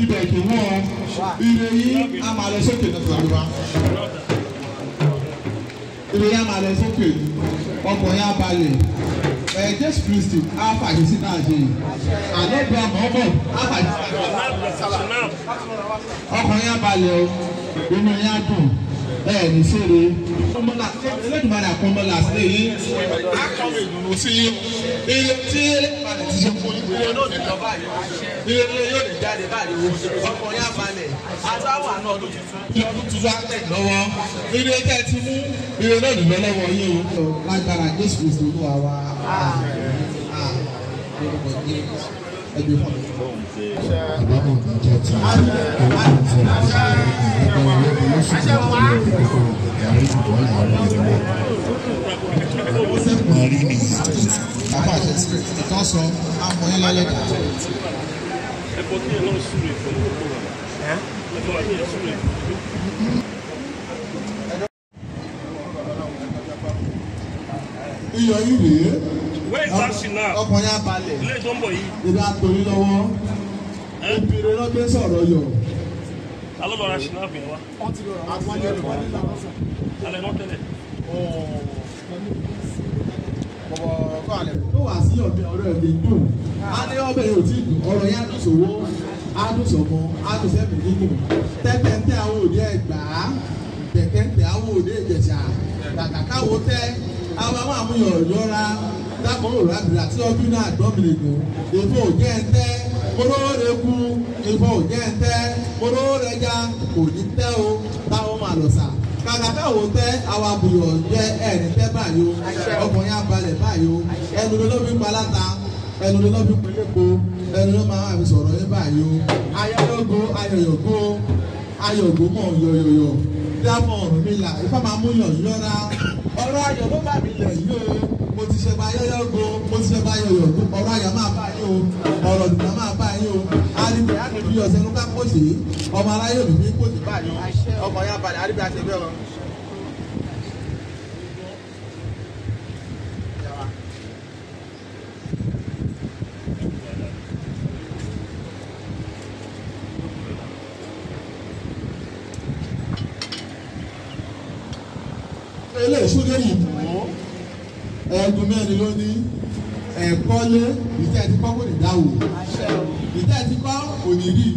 ibẹ̀ tó wọ́n ire yìí a máa lọ sókè náà tìlà lóba ire yìí a máa lọ sókè ọkọ̀ yẹn abalẹ̀ ẹ̀ jésù kristi á fàyè sí náà jẹ́ yìí àlọ́bí àmọ́bọ̀ á fàyè sí náà jẹ́ yìí ọkọ̀ yẹn abalẹ̀ o inú yẹn á dùn ẹ̀ ní sèré. Ẹlẹ́dùnmáà àkọ́mọ́lá sílé yín. A kàn wé ìdùnnú sí yín. Iye tí Ẹlẹ́dùnmáà ti ṣe fún ìwé yóò lè kan báyìí. Iye yóò lè jáde báyìí. Ọkùnrin àbálẹ̀. Atáwà náà ló ti fún. Ilé ọdún tuntun á tẹ̀ lọ́wọ́. Ilé tẹ́ ti mú. Iye náà lè lọ́wọ́ yín o. Lágbára Jésù Kristu ló wà wá. Àmín. Àmín ẹgbẹ fún mi. àbábọ̀ ìjọ ti orúkọ ti ìjọba ìlú lóṣù tó ti lọ ìgbẹ́kọ̀ yàrá ìdìbò ìyàrá ìdìbò. Mọ̀rí ni bàbá àti ẹ̀sìn ìtàn sọ àmọ́ yín lálẹ́ dà. Ẹ̀kọ́ kí ẹ iyọ̀ yìí rèé. where is that she now. ọkùnrin abalẹ̀. ilé tó ń bọ̀ yìí. ìdá torí lọ́wọ́. obìnrin náà gbé sọ̀rọ̀ yọ. alọ́lọ́ra ṣì náà bìnrin wa. wọ́n ti rọra àwọn ọmọdé rẹ̀ wọlé làwọn sọ. alẹ́ náà tẹ́lẹ̀. bọ̀bọ̀ kọ́ alẹ́. ló wàá sí ọ̀bẹ ọ̀rọ̀ ẹ̀mí dùn. a ní ọbẹ̀ yóò ti dùn ọ̀rọ̀ yẹn adùn sòwò adùn sọ̀mọ́ adùn sẹ́mi gígùn tẹ́tẹ́ntẹ́ àwọn òde ẹ̀gbá tẹ̀tẹ́ntẹ́ àwọn òde ìjẹ̀sà kàkàkà wo tẹ́ àwọn àwọn àmúyọ̀ yọra dákọ̀ òrò àgbèrè àti ọdún náà gbọ́n mi lè lò èfó òjẹ́ ń tẹ́ olówó rẹ̀ kú èfó òjẹ́ já kò ní tẹ́ o táwọn máa lọ sà kàkà tẹ àwọn jẹ ẹ̀rín tẹ́ báyìí o ọkùnrin abalẹ̀ báyìí o ẹnu ló fi ẹnu ló fi ẹnu ló máa fi dámọ̀ ọ̀rọ̀ mi là ifá máa mú yàn yọra ọ̀rọ̀ ayọ̀ ló bá mi lẹ̀ yó mo ti ṣe bá yọ́yọ́ go mo ti ṣe bá yọ̀yọ̀ go ọ̀rọ̀ ayọ̀ máa bá yín o ọ̀rọ̀ dùnà máa bá yín o àríwé àríwé ọ̀sẹ̀ ló bá kó sí ọmọ aráyé mi kó sí báyìí ọmọ yá balẹ̀ àríwé àti ẹgbẹ́ ọ̀rọ̀. èso lórí ìbò ẹ̀ẹ́dùn mẹ́rin ló ní ẹ̀kọ́lé ìtẹ́ ti kọ́ kò ní dáwò ìtẹ́ ti kọ́ kò ní rí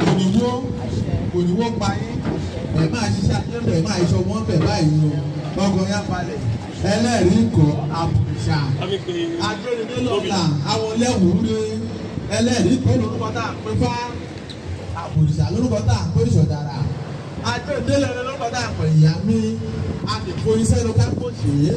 kò ní wó kò ní wó pa ẹ̀ máa ṣiṣẹ́ akẹ́kọ̀ọ́ ẹ̀ máa ṣọ wọ́n bẹ̀ báyìí lọ gbọ́ngàn yá palẹ̀ ẹlẹ́rìí kọ́ àbùṣà agbẹ́rẹ́dẹ́ lọ́la àwọn lẹ́wùúrẹ́ ẹlẹ́rìí kọ́ lórúkọ tá à ń pè fá àbùṣà lórúkọ tá à ń ajé ìdílé rẹ lọ́kọ̀dá àpọ̀ ìyá mi a iṣẹ́ ló ká kó ṣe é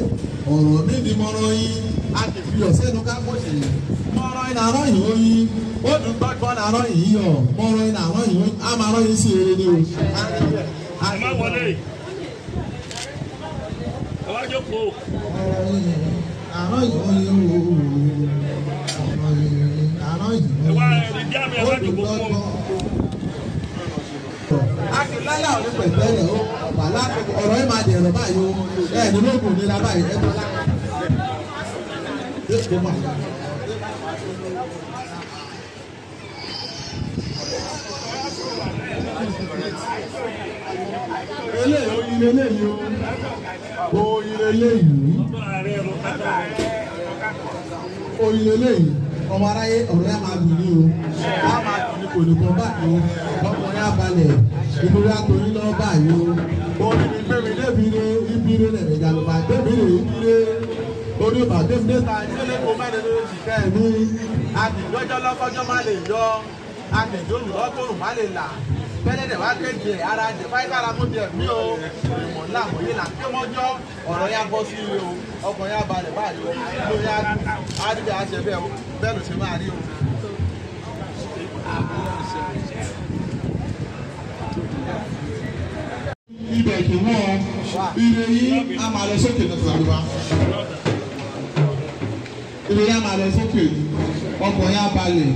ọ̀rọ̀ mi ni mo rán yín a lè ló ká kó ṣe é mo rán yín àárọ̀ yìí ó yín ó dùn gbọ́dọ̀ àárọ̀ yìí yọ̀ mo rán yín àárọ̀ yìí ó yín a máa rán yín sí eré ni o. àmọ́ wọlé ọwọ́ jókòó. àárọ̀ yìí ó yín o. ọ̀rọ̀ ẹ̀ máa dẹ̀rọ̀ báyìí o ẹ̀ ní lóògùn nira báyìí ẹ̀ tó lára. eléyìí oyin eléyìí o oyin eléyìí oyin eléyìí ọmọ aráyé ọ̀rọ̀ ẹ̀ máa dùn ní o a máa dùn ní kò ní kọ́ báyìí o ọkùnrin abalẹ̀ ìdúrà torí lọ́ọ́ báyìí o orin ni gbẹ̀mí débìire ibire lẹ̀rẹ̀ ìjàlùbà débìire ibire orí ìbà débìire ta ìṣẹ̀lẹ̀ kò mẹ́rin ló ti kẹ́ ẹ̀ ní. àtìjọ́jọ́ lọ́kọ́jọ́ má lè yọ àtìjọ́rù lọ́tọ̀rùn má lè là pẹ́lẹ́dẹ̀ wá kéde ara jẹ fáìkára mú tiẹ̀ mí o ìmọ̀ ńlá mọ̀ yìí là ń ké mọ́jọ́ ọ̀rọ̀ ya bọ́ sí i o ọkọ̀ ya balẹ̀ báyìí o ló ya àdìbẹ̀ àṣẹ bẹ́ẹ̀ o bẹ́ẹ̀ ló ṣe máa rí o bẹ̀ẹ̀kì wọn ire yìí a máa lọ sókè lọ́sọ̀ àríwá ire yìí a máa lọ sókè ọkàn yà balẹ̀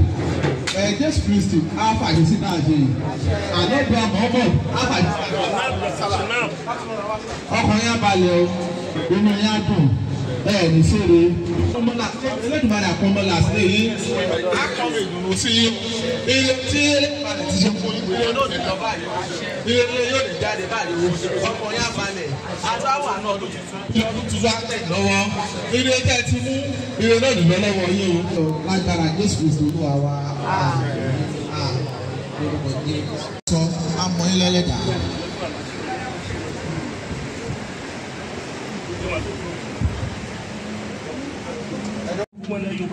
ẹ̀ Jésù Kristi á fàyè sí náà jẹ́ àlọ́bí àmọ́bọ̀ á fàyè sí náà jẹ́ ọkàn yà o inú yà dùn ẹ ní sèré kọmọlá Elédùmarè àkọmọlá sílẹ̀ yìí akọwé ìdùnnú sí yín ilé tí Elédùmarè ti ṣe fún yín ilé yóò lè lọ báyìí ilé yóò lè jáde báyìí ọkọ yá balẹ̀ adáwà náà ló ti tún lọ́dún tuntun lọ́wọ́ ilé tẹ́ ti mú ilé náà lè lọ́wọ́ yín lágbára Jésù Kristu ló wà wá. sọ amọ̀ ilẹ̀ lẹ́dàá.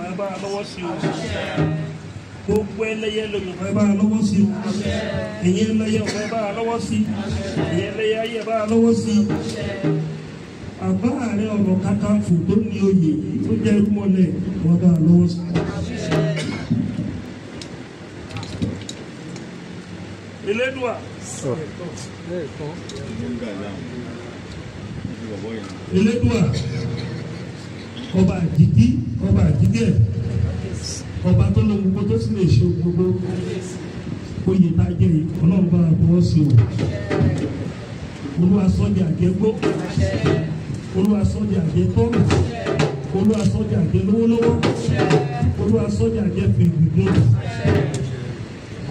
agbára lọ́wọ́ sí o gbogbo ẹlẹ́yẹ lómi ọ̀fẹ́ bá a lọ́wọ́ sí o ẹ̀yẹ ẹlẹ́yẹ ọ̀fẹ́ bá a lọ́wọ́ sí ẹ̀yẹ ẹlẹ́yẹ ayé bá a lọ́wọ́ sí àbá rẹ ọ̀rọ̀ Kakanfò tó ní oyè tó jẹ́ irúmọlẹ̀ wọ́n bá a lọ́wọ́ sí. Elédùà. Elédùà ọba àjíjí ọba àjíjẹ ọba tó lọ gbogbo tó sì lè ṣe gbogbo oyè tá a jẹ yìí ọlọ́run bá a bọ́ sí o olúwa sọ́jà àjẹgbó olúwa sọ́jà àjẹtọ́ olúwa sọ́jà àjẹlówólówó olúwa sọ́jà àjẹfìgbìgbò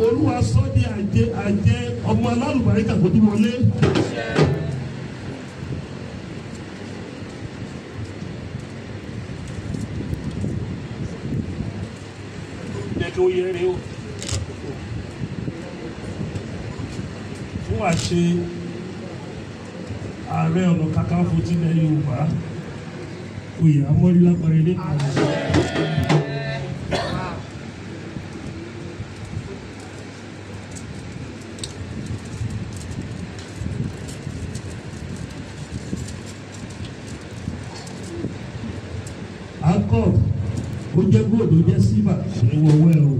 olúwa sọ́jà àjẹ àjẹ ọmọ alálùbáríkà kò oyè rẹ o fún àṣẹ ààrẹ ọ̀nà kakanfò tilẹ̀ yorùbá oyè amọ́rílágbára ilé kan. Uncle ó jẹ́ góòlù ó jẹ́ sílvà ẹ wọ ọwọ́ ẹ o.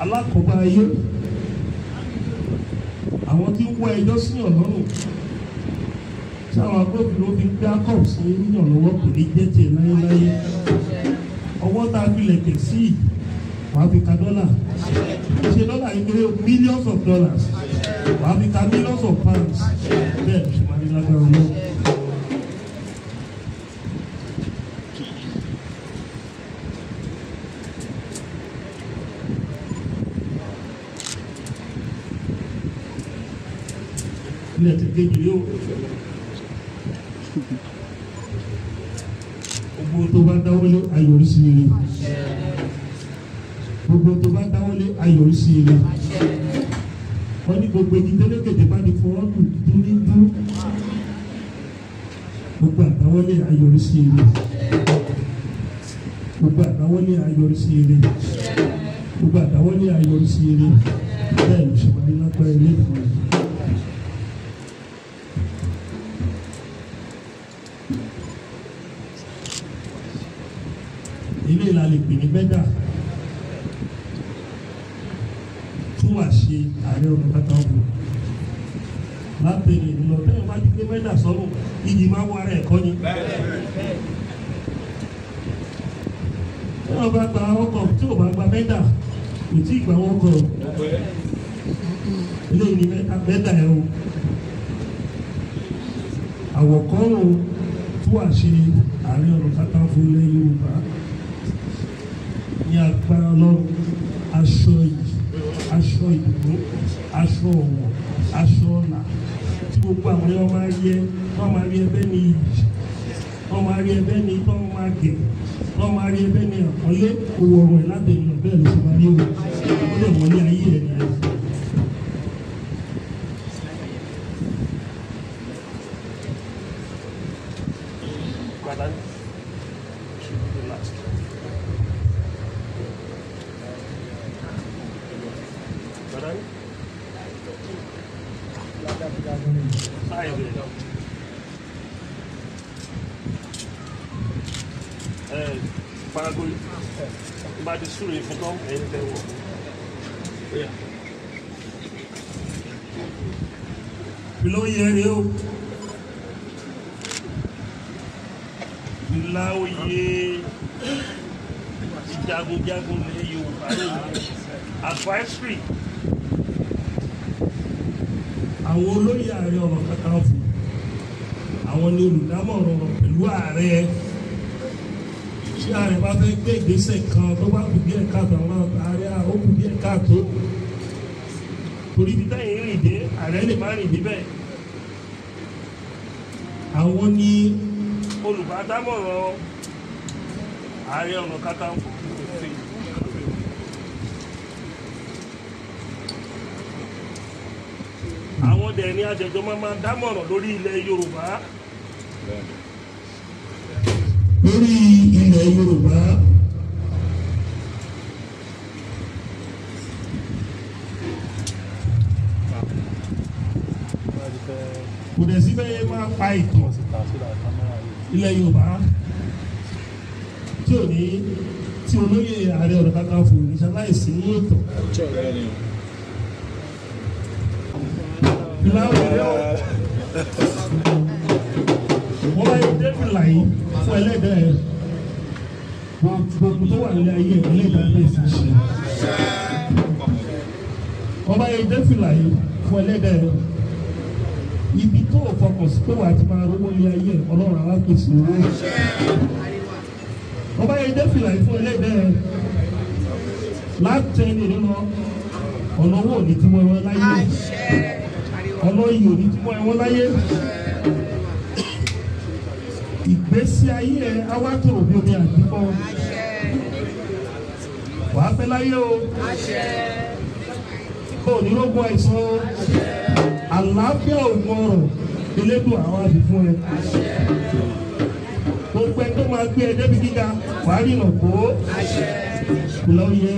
alákọ̀ọ́bá ayé àwọn tí ń wá ẹjọ́ sí ọlọ́run táwọn agbófinró fi ń gbá kọ̀ sí yíyàn lọ́wọ́ kò ní jẹ́ tiẹ̀ láyéláyé ọwọ́ tá a fi lẹ̀kẹ̀ sí i wàá fi ka dọ́là ṣe dọ́là yìí kéré millions of dollars wàá fi ka millions of pounds bẹ́ẹ̀ ṣùgbọ́n ní lágbára ọlọ́run. dẹ̀ ti débi yóò gbogbo tó bá dáwọ́lé ayọ̀rí sí ire gbogbo tó bá dáwọ́lé ayọ̀rí sí ire wọ́n ní gbogbo igi tẹ́lẹ̀kẹ̀tẹ̀ bá di fọwọ́ lù tó ní dú gbogbo àdáwọ́lé ayọ̀rí sí ire gbogbo àdáwọ́lé ayọ̀rí sí ire gbogbo àdáwọ́lé ayọ̀rí sí ire bẹ́ẹ̀ ló ṣe máa ń ilé ìfọ̀yín. la lè pè ní bẹ́dà tún wà ṣe ààrẹ ọ̀nà kakanfò lábẹ́rẹ́ ìlú ọ̀bẹ́rẹ́ wájú pé bẹ́dà sọ́rọ̀ iyì máa wọ ara ẹ̀kọ́ ni. tí wọ́n bá gba ọkọ̀ tí ò bá gba bẹ́dà kò tí ì gba wọn kọ̀ eléyìí ni bẹ́dà ẹ̀ o àwọ̀kọ́ o tún wà ààrẹ ọ̀nà kakanfò ilẹ̀ Yorùbá ní agbára ọlọ́run aṣọ yìí aṣọ ìdùnnú aṣọ ọ̀wọ̀ aṣọ ọ̀nà tí gbogbo àwọn yẹn wọ́n máa rí ẹ wọ́n máa rí ẹbẹ́ ní ìjì wọ́n máa rí ẹbẹ́ ní tọ́ máa gẹ̀ wọ́n máa rí ẹbẹ́ ní àpọ́nlé owó ọ̀rọ̀ ẹ̀ látẹ̀yìn ọ̀bẹ́ ló máa rí owó ó lè wọlé ayé ẹ̀ ní ẹ̀. Gracias. 树立成功，哎，给我，对呀。Below here, you. Below here. Jagunjagun ni Yorùbá yìí. Advisory. Àwọn olóyè ààrẹ ọ̀rọ̀ kankan fún. Àwọn ni olùdámọ̀ràn pẹ̀lú ààrẹ tí ààrẹ bá fẹ́ gbé ìgbésẹ̀ kan tó bá kù díẹ̀ káàtó àwọn ààrẹ ó kù díẹ̀ káàtó torí bí táyà rìn dé ààrẹ lè má rìn dé bẹ́ẹ̀ àwọn ní olùbádámọ̀ràn ààrẹ ọ̀nà kakanfò àwọn dẹ̀ ni àjẹjọ máa máa dámọ̀ràn lórí ilẹ̀ Yorùbá lórí ilẹ̀ Yorùbá kò dẹ̀ síbẹ̀ yẹn máa pa ìtàn ilẹ̀ Yorùbá tí ò ní tí olóyè Ààrẹ Ọ̀nà Kakanfò ìṣaláìsí ní ìtàn. láwùjọ wọ́n bá yẹ débìlà yìí fún ẹlẹ́dẹ̀ẹ́ gbogbo tó wà nílé yìí fún ẹlẹ́dẹ̀ ibi tó o fọkàn sí pé wà ti máa rówó ilé ayé ọlọ́run àwọn apèsè owó. ọba ẹ̀dẹ́ fìlà yìí fún ẹlẹ́dẹ̀ láti ẹni nínú ọ̀nà owó òní tí mo ẹwọ́ láyé ọ̀nà iyì òní tí mo ẹwọ́ láyé ìgbésí ayé ẹ awátòrò bí omi àgbígbọ́ wàá pẹ́ láyé o kò ní rógun àìsàn o àlàáfíà ògùn ọrọ̀ elédùn àwọn àbí fún ẹ gbogbo ẹ tó máa gbé ẹ débi gíga wàá rìnà kó lọ yẹ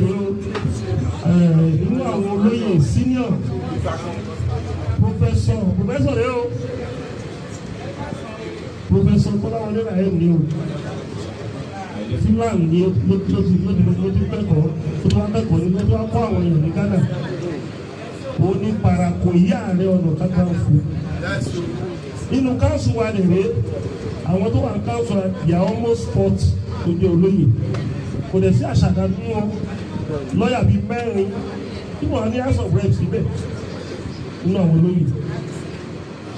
ẹ inú àwọn olóyè senior professor professor rẹ o máa san kó láwọn náírà ẹ̀ ní o fúlàní ni mo ti mo ti kẹ́kọ̀ọ́ tó bá kẹ́kọ̀ọ́ ni mo ti wá kọ́ àwọn èèyàn ní Ghana ó ní parako ìyá rẹ ọ̀nà Kakanfò nínú káàsù wa lè rè àwọn tó wà ní káàsù wa yà almost forty tó jẹ́ olóyè kò dẹ̀ sí àṣàkà nínú wọn lọ́ọ̀yà bíi mẹ́rin tí wọ́n á ní house of reps síbẹ̀ nínú àwọn olóyè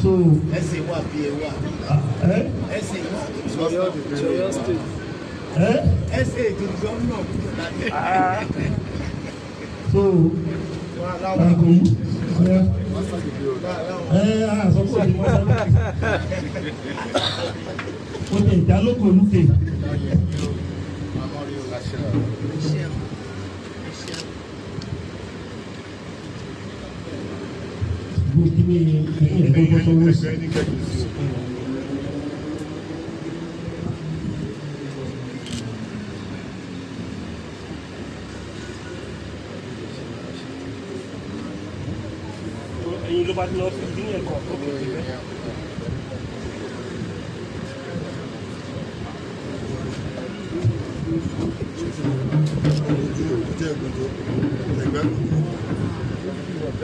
so. ẹsẹ̀ wà bí ẹ wà. ẹsẹ̀ wà jọyọ̀ state. ẹsẹ̀ ètò gọ́ọ̀nà kúrò lábẹ́. so àgò yìí ẹ ẹ àsọkò yìí wọ́n sọ lókè. o lè dá lóko lókè. Gostaria de perguntar para você. é Thank you. ọ̀pá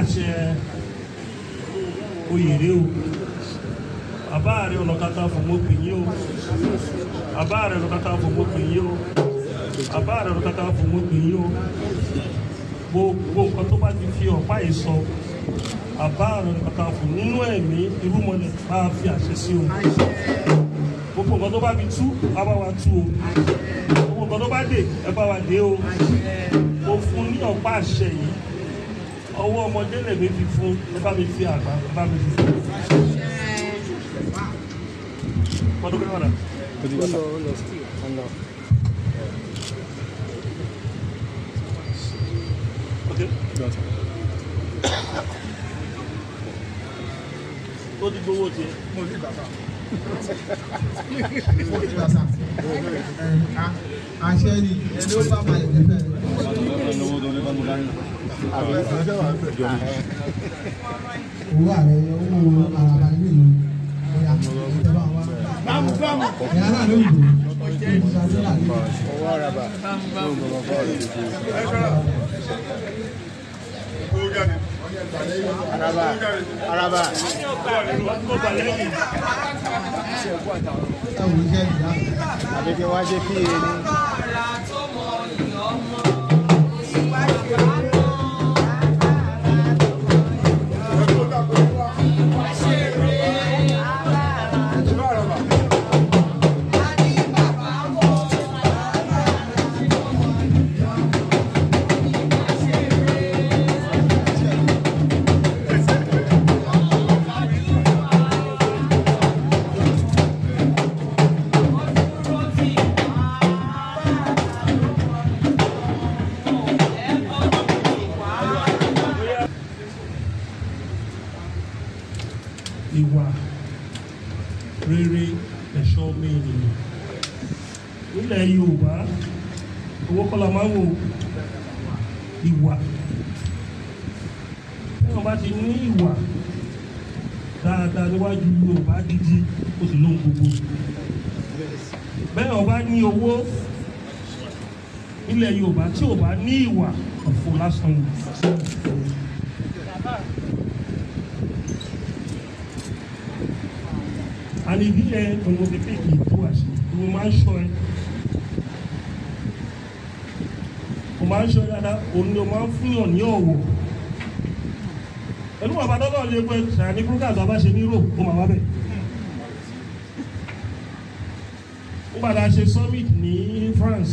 àṣẹ oyèrè o bàbá rẹ ọlọ́kàtà fòmópin yìí o bàbá rẹ ọlọ́kàtà fòmópin yìí o bàbá rẹ ọlọ́kàtà fòmópin yìí o gbogbo nǹkan tó bá ti fi ọ̀pá yìí sọ bàbá àrùn bàtà fún nínú ẹ̀mí irúmọlẹ̀ bá a fi àṣẹ sí o gbogbo nǹkan tó bá fi tú a bá wa tú o gbogbo nǹkan tó bá dé ẹ bá wa dé o mo fún ní ọ̀pá àṣẹ yìí ọwọ́ ọmọdé lè mi fi fún ẹ bá mi fi àgbà ẹ bá mi fi fún. Okay. tó ti gbowó ti. mo ti gbà mo ti gbà àṣẹ ni ẹni ó bá ma yẹ kẹfẹ. owó ààrẹ owó àràbà nílùú yìí bóyá ìjọba wa. bámu bámu. ẹ̀yà náà ló ń bò ó. owó àràbà. bámu bámu araba araba. àbíkẹ́ wájú píye ni. la máa ń wò ìwà téèyàn bá ti ní ìwà dáadáa níwájú Yorùbá gidi ó sì lóhun gbogbo bẹ́ẹ̀ ọba ní owó ilẹ̀ Yorùbá tí ò bá ní ìwà ọ̀fọ̀ lásán wò. And if you hear from the people, you do as you do, man, máa ń ṣe dáadáa òun ló máa ń fúnyàn ní ọ̀wọ̀ ẹnu bàbá dọ́lọ́ lè pẹ́ ṣàní brokers bàbá ṣe ní ó máa wá bẹ̀. ó padà ṣe summit ní France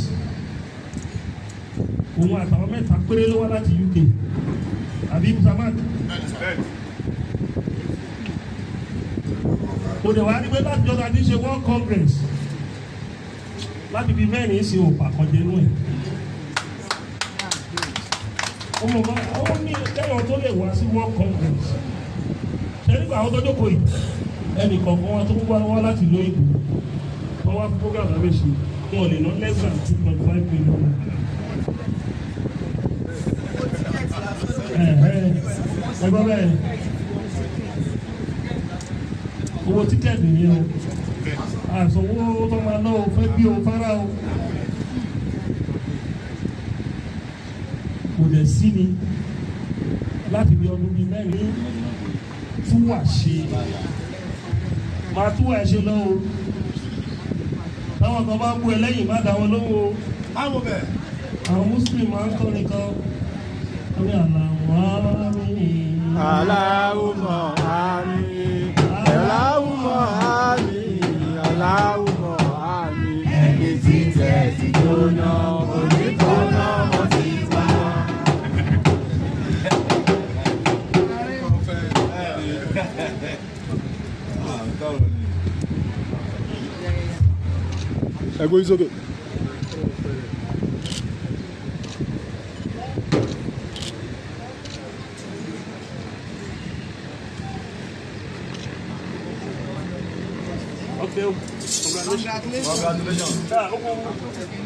òun àtàwọn mẹ́ta péré ló wá láti UK àbí musamman. kò dẹ̀ wá rí pé láti jọ́ta ti ṣe World Congress láti fi mẹ́rin sí òpàkànjẹ́nu ẹ̀ olùkọ́ ó ní kẹ́yọ̀ tó lè wá sí world congress ṣẹ́nìgbà àwọn tó jókòó yìí ẹnì kọ̀ọ̀kan wọn tó wá wá láti lóyìnbó wọn wá fún program abẹ́ ṣe wọn ò lè ná less than two point five million. ẹgbẹ́ bẹ́ẹ̀ owó tíkẹ́ẹ̀tì yìí o àìsàn tó máa ná o fẹ́ bí o fara o. kò dẹ̀ sí ni láti bí ọdún bíi mẹ́rin tún wà ṣe máa tún wà ṣe lọ́wọ́ táwọn kan bá bú ẹ lẹ́yìn dá wọn lọ́wọ́ àwọn muslim máa ń kọrin kan orí àlàwọ̀ àmì. aláwùmọ̀ àmì aláwùmọ̀ àmì aláwùmọ̀ àmì ẹni tí tẹ̀ sí jóná orí. I go Isobe. Okay. Congratulations. Congratulations. Congratulations.